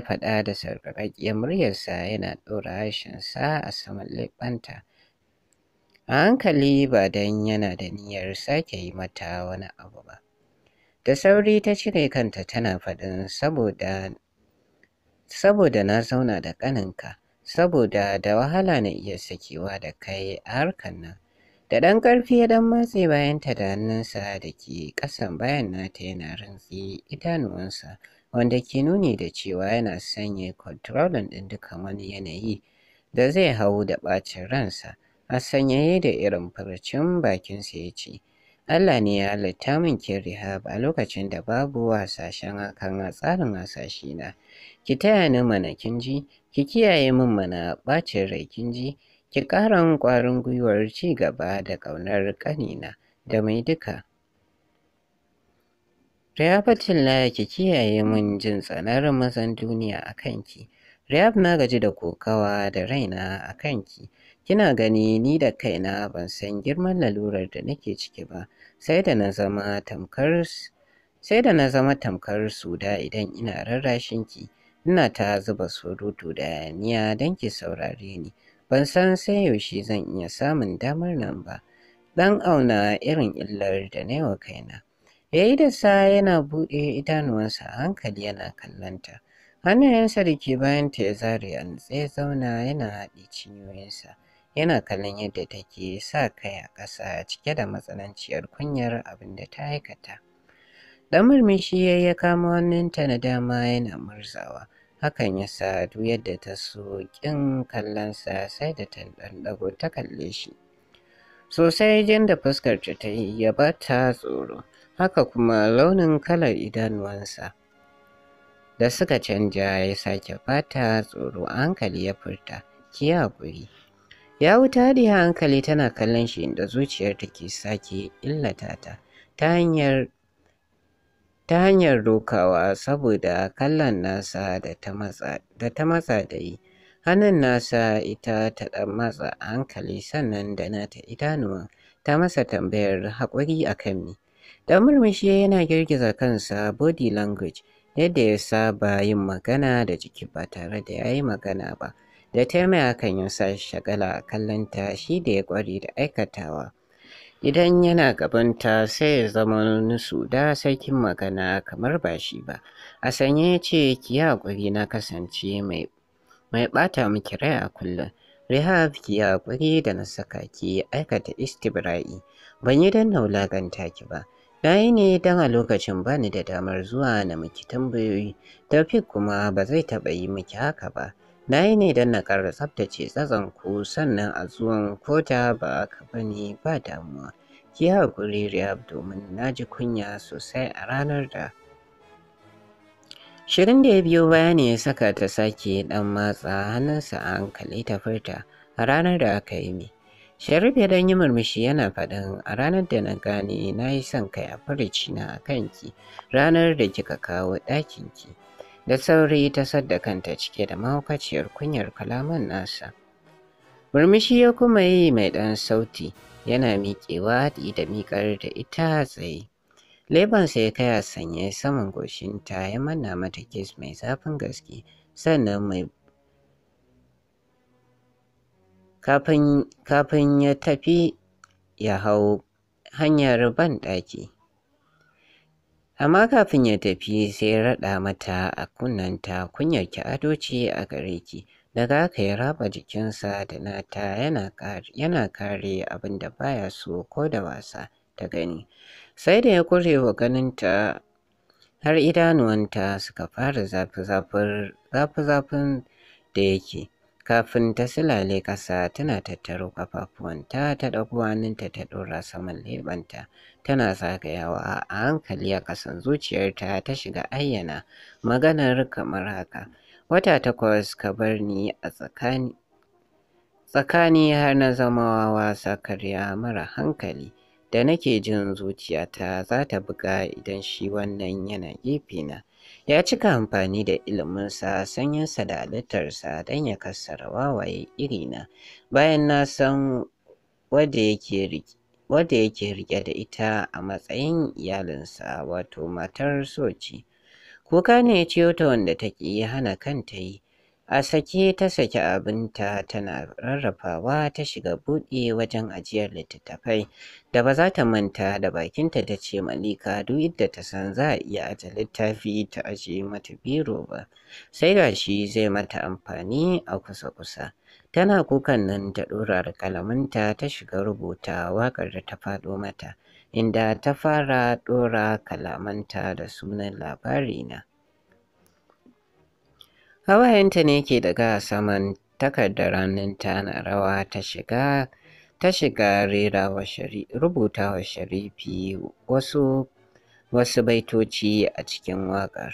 faɗa da sarƙaƙƙiyar muryarsa yana ɗora harshensa a saman leɓanta. A hankali ba don yana da niyyar sake yi mata wani abu ba. Da sauri ta cire kanta tana faɗin saboda na zauna da ƙaninka, saboda da wahala na iya sakewa da kai a harkar nan. Da ɗan ƙarfi ya ɗan matse bayanta da hannunsa da ke ƙasan bayan nata yana rantsi idanuwansa wanda ke nuni da cewa yana sanya kontrolin ɗin duka wani yanayi da zai hau da ɓacin ransa a sanyaye da irin furucin bakinsa ya ce Allah ne ya halitta min kin rihab a lokacin da babu hasashen kan a tsarin hasashe na ki taya ni mana kin ji ki kiyaye min mana ɓacin rai kin ji ki ƙara ƙwarin gwiwar ci gaba da ƙaunar ƙanina da mai duka Riyafatin laya ki kiyaye mun jin tsanar mazan duniya a kanki. Riyab na gaji da kokawa da raina a kanki. Kina gani ni da kaina ban san girman lalurar da nake ciki ba, sai da na zama tamkar sai da na zama tamkar suda idan ina rarrashin ki. Ina ta zuba surutu da yaniya don ki saurare ni. Ban san sai yaushe zan iya samun damar nan ba. Dan auna irin illar da na yi wa kaina. Ya yi da sa yana buɗe idanuwansa a hankali yana kallonta. Hannayensa da ke bayanta ya zare a nutse ya zauna yana haɗe cinyoyinsa. Yana kallon yadda take sa kai a ƙasa cike da matsananciyar kunyar abin da ta aikata. Dan murmushi ya ya kama hannunta na dama yana murzawa. Hakan ya sa duk yadda ta so ƙin kallonsa sai da ta ɗanɗago ta kalle shi. Sosai jin da fuskarta ta yi ya ba ta tsoro. haka kuma launin kalar idanuwansa da suka canja ya sake fata tsoro hankali ya furta ki hakuri. ya wuta da hankali tana kallon shi inda zuciyar take sake illata ta hanyar dokawa saboda kallon nasa da ta matsa da yi hannun nasa ita ta ɗan matsa hankali sannan da nata idanuwa ta masa tambayar haƙuri a kan me Dan murmushi yana girgiza kansa body language yadda ya saba yin magana da jiki ba tare da ya yi magana ba. Da taimai kan yi sa shagala kallon ta shi da ya kware da aikatawa. Idan yana gabanta sai ya zama nusu da sarkin magana kamar ba shi ba. A sanye ya ce ki yi haƙuri na kasance mai mai ɓata miki rai a kullum. Rehab ki yi haƙuri da na saka ki aikata istibra'i. Ban yi don na ki ba. Na yi ne don a lokacin ba ni da damar zuwa na miki tambayoyi, Taufik kuma ba zai taɓa yi miki haka ba. Na yi ne don na ƙara tsaftace tsatson ku sannan a zuwan kota ba haka ba ne ba damuwa. Ki haƙuri Riyab domin na ji kunya sosai a ranar da. Shirin da ya biyo baya ne ya saka ta sake ɗan matsa hannunsa a hankali ta furta a ranar da aka yi mi. Sharif ya dan yi murmushi yana faɗin a ranar da na gane na yi son kai a farici na a kanki ranar da kika kawo ɗakinki. Da sauri ta sadda kanta cike da mahaukaciyar kunyar kalaman nasa. Murmushi ya kuma yi mai ɗan sauti yana miƙewa haɗi da miƙar da ita tsaye. Lebansa ya kai a sanye saman goshinta ya manna mata kes mai zafin gaske sannan mai kafin ya tafi ya hau hanyar banɗaki. Amma kafin ya tafi sai raɗa mata a kunnanta kunyar ki ado ce a gare ki. Daga haka ya raba jikinsa da nata yana kare abin da baya so ko da wasa ta gani. Sai da ya wa ganinta har idanuwanta suka fara zafi-zafin da yake. kafin ta silale ƙasa tana tattaro ƙafafuwanta ta ɗago hannunta ta ɗora saman leɓanta tana zagayawa a hankali a ƙasan zuciyarta ta shiga ayyana maganar kamar haka wata takwas ka bar ni a tsakani tsakani har na zama wasa karya mara hankali da nake jin zuciyata za ta buga idan shi wannan yana gefe na Ya cika amfani da iliminsa, sanyinsa da halittarsa don ya kassara wawaye irina, bayan na san wadda yake riƙe da ita a matsayin iyalinsa wato matar soci. Kuka ne ya ciyo ta wanda ta ƙi hana kanta yi. A sake ta saki abinta tana rarrafawa ta shiga buɗe wajen ajiyar littattafai da ba za ta manta da bakinta ta ce Malika duk yadda ta san za a iya aje littafi ta aje mata biro ba sai ga shi zai mata amfani a kusa-kusa tana kukan nan ta ɗora kalaminta ta shiga rubuta waƙar da ta faɗo mata inda ta fara ɗora kalamanta da sunan labari labarina hawayenta ne ke daga saman takardar ranin ta na rawa ta shiga ta shiga rerawa shari rubutawa sharifi wasu wasu baitoci a cikin waƙar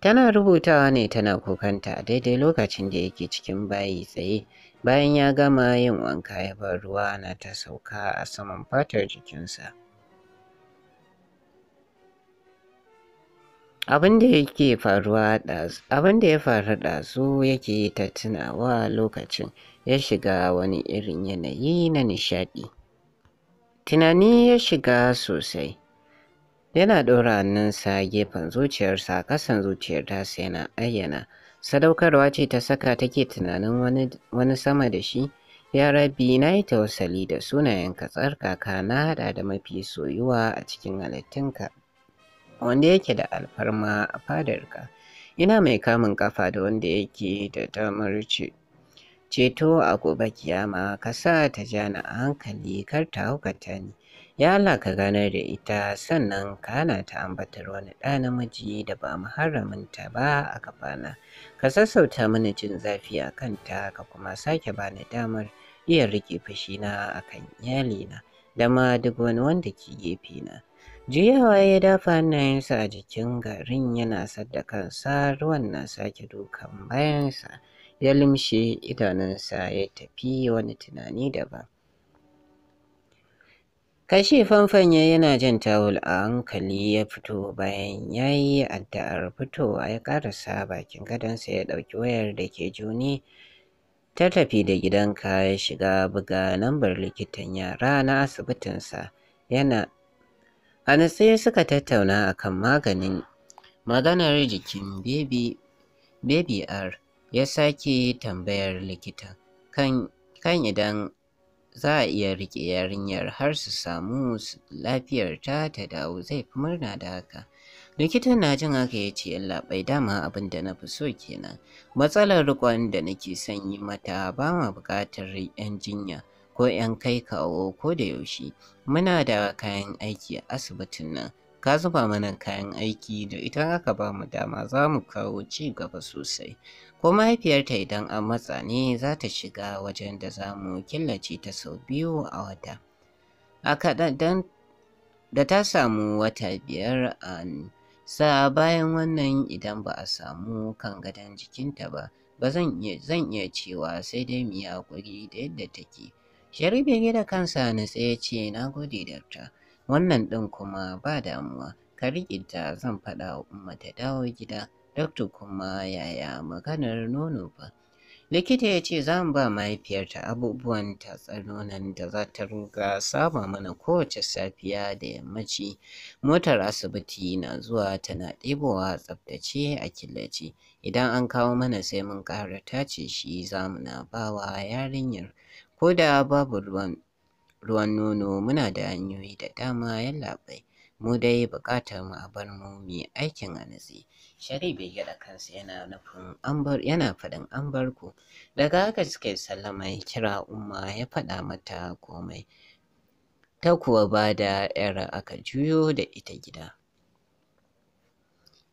tana rubutawa ne tana kukanta daidai lokacin da yake cikin bayi tsaye bayan ya gama yin wanka ya bar ruwa na ta sauka a saman fatar jikinsa abin da yake faruwa abin da ya faru ɗazu yake ta tunawa lokacin ya shiga wani irin yanayi na nishaɗi tunani ya shiga sosai yana ɗora hannunsa gefen zuciyarsa kasan zuciyar tasa yana ayyana sadaukarwa ce ta saka take tunanin wani sama da shi ya rabi na yi tausali da sunayen ka tsarkaka na hada da mafi soyuwa a cikin halittunka wanda yake da alfarma a fadarka ina mai kamun kafa da wanda yake da damar ce ceto a gobe kiyama ka sa ta ni a hankali kar ta haukata ni ya Allah ka ganar da ita sannan ka hana ta ambatar wani ɗa namiji da ba muharramin ta ba a kafana ka sassauta mini jin zafi a kanta ka kuma sake bani damar iya rike fushina a kan iyalina da ma duk wani wanda ke gefe na Juyawa ya dafa hannayensa a jikin garin yana sadda kansa, ruwan na sake dukan bayansa ya limshe idanunsa ya tafi wani tunani daban. Kashi fanfanya yana jan tawul a hankali ya fito bayan ya yi addu'ar fitowa ya karasa bakin gadonsa ya ɗauki wayar da ke juni ta tafi da gidanka ya shiga buga lambar likitan yara na asibitinsa yana A sai suka tattauna akan maganin maganar jikin baby, R ya sake tambayar likita kan, idan za a iya riƙe yarinyar har su samu lafiyarta ta dawo zai fi murna da haka. Likitan na jin haka ya ce Allah bai dama abinda da na fi so kenan. Matsalar riƙon da nake son yi mata ba ma buƙatar 'yan jinya. ko 'yan kai kawo ko da yaushe muna da kayan aiki a asibitin nan ka zuba mana kayan aiki da idan aka ba mu dama za mu kawo ci gaba sosai ko mahaifiyarta idan an matsa ne za ta shiga wajen da za mu killace ta sau biyu a wata a da ta samu wata biyar a sa bayan wannan idan ba a samu kan gadon jikinta ba ba zan iya cewa sai dai mu yi haƙuri da yadda take Sharif ya da kansa nutse ya ce na gode ta, Wannan ɗin kuma ba damuwa, ka riƙe ta zan faɗa wa umma ta dawo gida. dokta kuma yaya maganar nono ba. Likita ya ce za mu ba mahaifiyarta abubuwan tatsar nonon da za ta ruga saba mana kowace safiya da yammaci. Motar asibiti na zuwa tana ɗebowa tsaftace a killace. Idan an kawo mana sai mun ƙara tace shi za mu na ba yarinyar. Ko da babu ruwan ruwan nono muna da hanyoyi da dama yallaɓai. Mu dai buƙatar mu a bar mu mu yi aikin a natse. Sharif bai gyaɗa kansa yana nufin an bar yana faɗin an bar ku. Daga haka suka sallama ya kira Umma ya faɗa mata komai. Ta kuwa ba da ‘yar aka juyo da ita gida.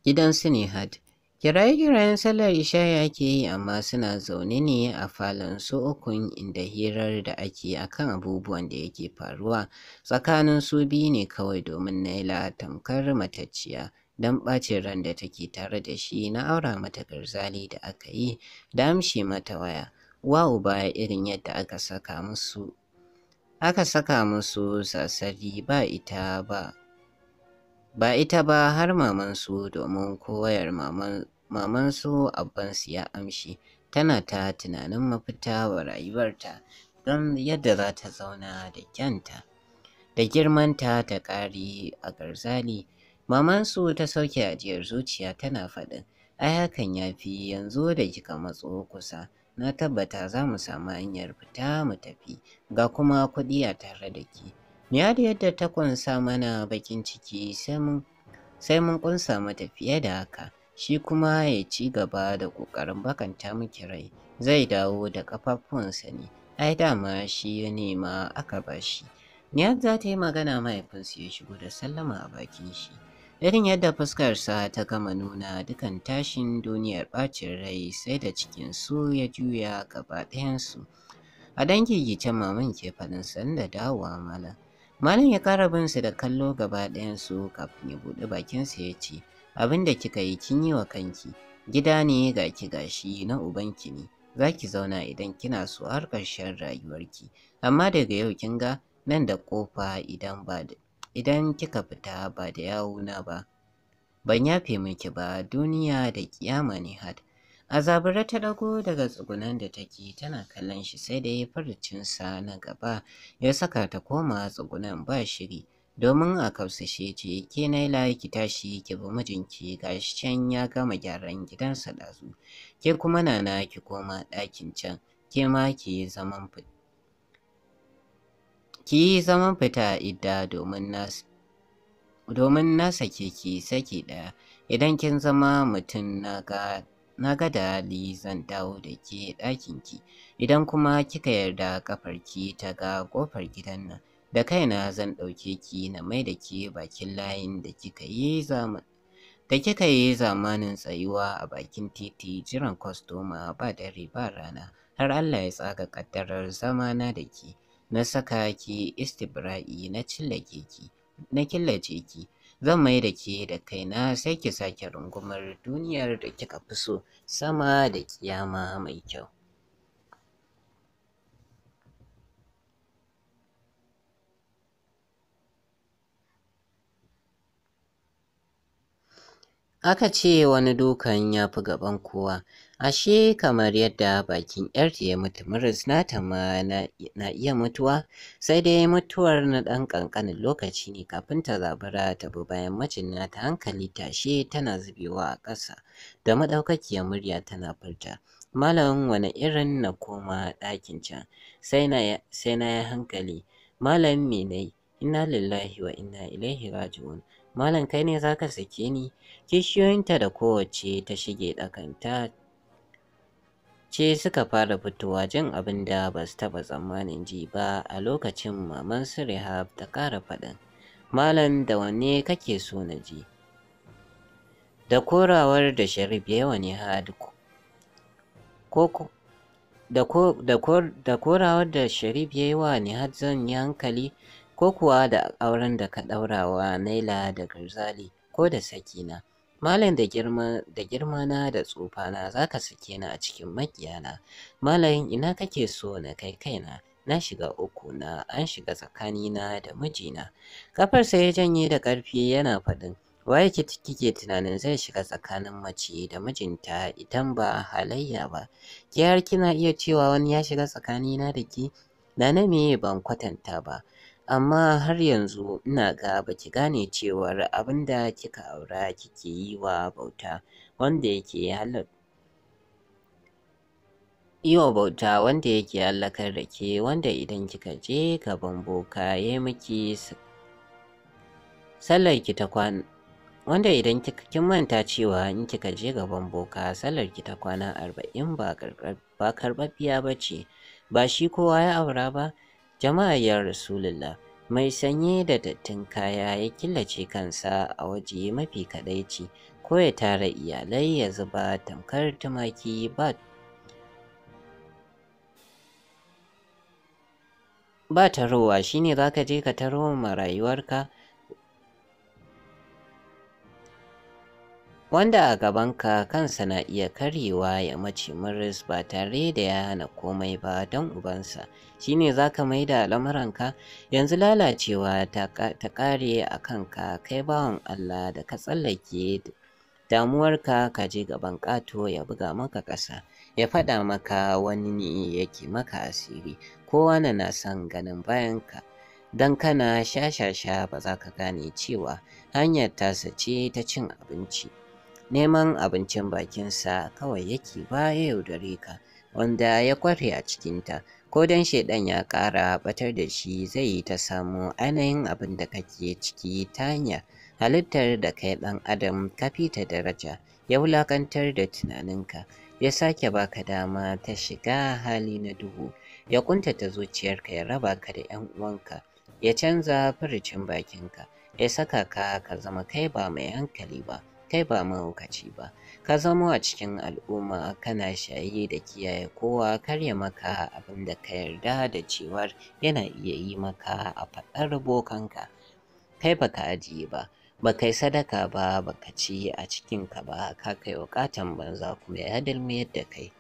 Gidan su ne Nihat. Kiraye-kirayen sallar ya ke yi amma suna zaune ne a falon su ukun inda hirar da ake kan abubuwan da yake faruwa tsakanin su biyu ne kawai domin Naila tamkar matacciya don ɓacin ran da take tare da shi na aura mata garzali da aka yi da amshi mata waya. Wow baya irin yadda aka saka musu aka saka musu sasari ba ita ba ba ita ba har mamansu domin koyar mamansu abbansu ya amshi tana ta tunanin mafita wa rayuwarta don yadda za ta zauna da kyanta da girmanta ta ƙari a garzali mamansu ta sauke ajiyar zuciya tana faɗin ai hakan ya fi yanzu da kika matso kusa na tabbata za mu samu hanyar fita mu tafi ga kuma kuɗi a tare da ki Ni da yadda ta kunsa mana bakin ciki sai mun kunsa mata fiye da haka, shi kuma ya ci gaba da ƙoƙarin bakanta miki rai, zai dawo da ƙafafunsa ne, ai dama shi ya nema aka bashi. Niyar za ta yi magana mahaifinsu ya shigo da sallama a bakin shi. Irin yadda fuskarsa ta gama nuna dukan tashin duniyar ɓacin rai sai da cikin su ya juya gaba ɗayansu. A dangi gice maman ke faɗin sanda dawowa mana. Malam ya kara bin su da kallo gaba ɗayan su kafin ya buɗe sa ya ce, Abin da kika yi kin yi wa kanki, gida ne ga ki gashi na ubanki ne, za ki zauna idan kina so har ƙarshen rayuwarki, amma daga yau kin ga nan da ƙofa idan ba idan kika fita ba da yawuna ba. Ban yafe miki ba duniya da kiyama ne had, A zabura ta dago daga tsugunan da take tana kallon shi sai da ya farcin sa na gaba ya saka ta koma tsugunan ba shiri domin a kausashe ce ke naila ki tashi ki bi mijinki gashi can ya gama gyaran gidansa ɗazu ke kuma nana ki koma ɗakin can ke ma ki zaman ki yi zaman fita idda domin nasa domin na sake ki saki ɗaya idan kin zama mutum na ga na ga da ali zan dawo da ke ɗakinki idan kuma kika yarda ƙafar ƙafarki ta ga ƙofar gidan nan da kaina zan ɗauke ki na mai da ke bakin layin da kika yi zaman da kika yi zamanin tsayuwa a bakin titi jiran kwastoma ba dare ba rana har Allah ya tsaga ƙaddarar zamana da ke na saka ki istibra'i na killace ki zan mai da ke da kaina sai ki sake rungumar duniyar da kika fi so sama da kiyama mai kyau Aka ce wani dukan ya fi gaban kowa, Ashe kamar yadda bakin ‘yarta ya mutu muris nata ma na iya mutuwa, sai dai mutuwar na ɗan ƙanƙanin lokaci ne kafin ta zabura ta bi bayan macin nata hankali tashe tana zubewa a ƙasa da maɗaukakiyar murya tana furta. Malam wani irin na koma ɗakin can, sai na yi hankali. Malam me ina Inna lillahi wa ina ilaihi raji'un. Malam kai ne za ka sake ni? Kishiyoyinta da kowacce ta shige ɗakanta ce suka fara fitowa jin abin da ba su taɓa tsammanin ji ba a lokacin maman su Rehab ta ƙara faɗin. Malam da wanne kake so na ji? Da korawar da Sharif yawa ne had da korawar da Sharif ya yi wa Nihad zan yi hankali ko kuwa da auren da ka ɗaurawa Naila da Garzali ko da Sakina. Malam da girma da girma na da tsufa na zaka sake ni a cikin makiyana. Malam ina kake so na kai kaina? Na shiga uku na an shiga tsakanina da mijina. Kafar sai ya janye da ƙarfi yana faɗin. Waye ki kike tunanin zai shiga tsakanin mace da mijinta idan ba halayya ba? Ki har kina iya cewa wani ya shiga tsakanina da ki? Na na me ban kwatanta ba. amma har yanzu ina ga baki gane cewar abin da kika aura kike yi wa bauta wanda yake halal yi wa bauta wanda yake hallakar da ke wanda idan kika je gaban boka ya miki sallar ki ta kwana wanda idan kin manta cewa in kika je gaban boka sallar ki ta kwana arba'in ba karɓaɓɓiya ba ce ba shi kowa ya aura ba Jama'a ya Rasulullah mai sanye da dattin kaya ya killace kansa a waje mafi kadaici ko ya tara iyalai ya zuba tamkar tumaki ba ba tarowa shine zaka je ka taro ma rayuwarka wanda a gaban ka kansa na iya karyewa ya mace maris ba tare da ya hana komai ba don ubansa shine za ka mai da lamuranka yanzu lalacewa ta kare a kanka kai bawan Allah da ka tsallake damuwarka ka je gaban ƙato ya buga maka ƙasa ya faɗa maka wani ne yake maka asiri kowa na son ganin bayanka don kana sha ba za ka gane cewa hanyar tasa ce ta cin abinci neman abincin bakinsa kawai yake ba ya yaudare ka wanda ya kware a cikinta ko dan shaidan ya ƙara batar da shi zai yi ta samu ainihin abin da kake ciki ta hanya halittar da kai ɗan adam ka fita daraja ya wulakantar da tunaninka ya sake baka dama ta shiga hali na duhu ya kuntata zuciyarka ya raba ka da 'yan uwanka ya canza furucin bakinka ya saka ka ka zama kai ba mai hankali ba kai ba mahaukaci ba ka zamo a cikin al'umma kana shaye da kiyaye kowa kar ya maka abin da ka yarda da cewar yana iya yi maka a faɗar bokanka kai baka ajiye ba ba kai sadaka ba ba ka ci a cikin ka ba ka kai wakatan banza kuma ya dalmi yadda kai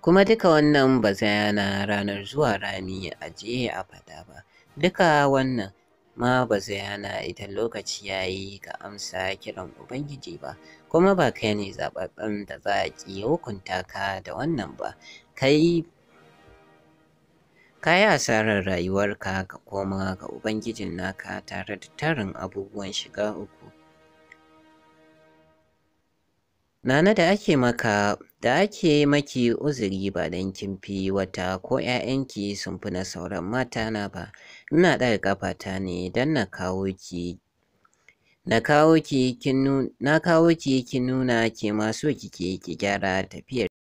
kuma duka wannan ba zai yana ranar zuwa rami a je a faɗa ba duka wannan ma ba zai hana idan lokaci ya yi ka amsa kiran Ubangiji ba, kuma ba kai ne zaɓaɓɓen da za a ƙi hukunta ka da wannan ba, kai ka yi asarar rayuwarka ka koma ga Ubangijin naka tare da tarin abubuwan shiga uku. Nana da ake maka da ake maki uzuri ba dan kin fi wata ko ‘ya'yanki sun fi na sauran mata na ba, ina ɗaga ƙafata ne dan na kawo ki na kawo ki kin nuna ki ma so kike ki gyara tafiyar